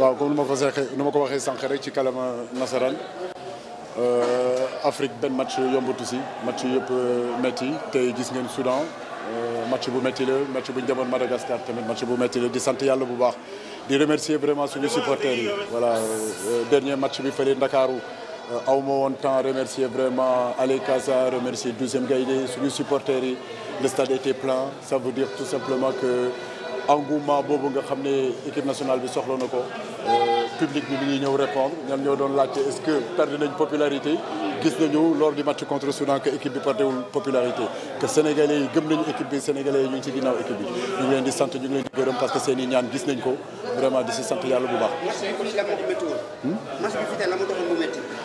waaw comme nu ma ko seexee nu ma ko waxee sànq rek ci kalama nasaraan euh, Afrique benn match yombatu si match yëpp euh, métti tey gis ngeen Soudan euh, match bu métti la match bu ñu demoon Madagascar tamit match bu métti la di sant yàlla bu baax di remercier vraiment suñu supporters yi voilà dernier match bi fële Ndakaaru aw ma woon temps remercier vraiment Ali Kassa remercier deuxième gaynde suñu supporters yi le stade plan plein ça veut dire tout simplement que engouement boobu nga xam ne équipe nationale bi soxla na ko euh, public bi mi ngi ñëw répondre ñan ñoo doon laajte est-ce que perdu nañ popularité gis nañu lors du match contre Soudan que équipe bi perdewul popularité que sénégalais yi gëm nañu équipe bi sénégalais yi ñu ngi ci ginnaaw équipe bi ñu ngi di sant ñu ngi leen di gërëm parce que seen i ñaan gis nañ ko vraiment di si sant yàlla bu baax. match bi hmm?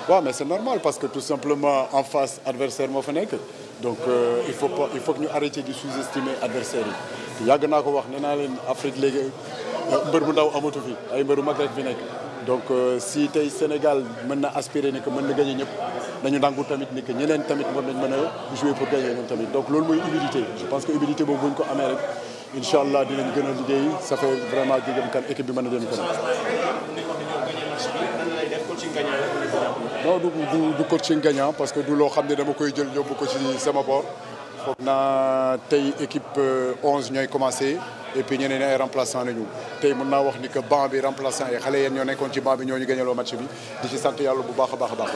waaw mais c'est normal parce que tout simplement en face adversaire moo fa nekk. donc euh, il faut pas il faut ñu arrêter di sous-estimer adversaire yi yàgg naa ko wax nee naa leen Afrique léegi euh, mbër bu ndaw amatu fi ay mbëru mag rek fi nekk donc euh, si tey Sénégal mën na aspirer ne que mën na gagner ñëpp nañu nangu tamit ni ñeneen tamit moom nañ mën a jouer pour gagner ñoom tamit donc loolu mooy humilité je pense que humilité boobu bu ñu ko amee rek incha allah dinañ gën a liggéey ça fait vraiment di jëm kan équipe bi mën a jëm kanam non du ko ci coaching parce que du loo xam ne dama koy jël yóbbu ko ci sama bor. foog naa tey équipe 11 euh, ñooy commencé et puis ñeneen ay remplaçant nañu tey mun naa wax ni que banc bi remplaçant yi xale yen ñoo nekkoon ci banc bi ñoo ñu gagnaloo match bi di ci sant yàlla bu baax a baax a baax.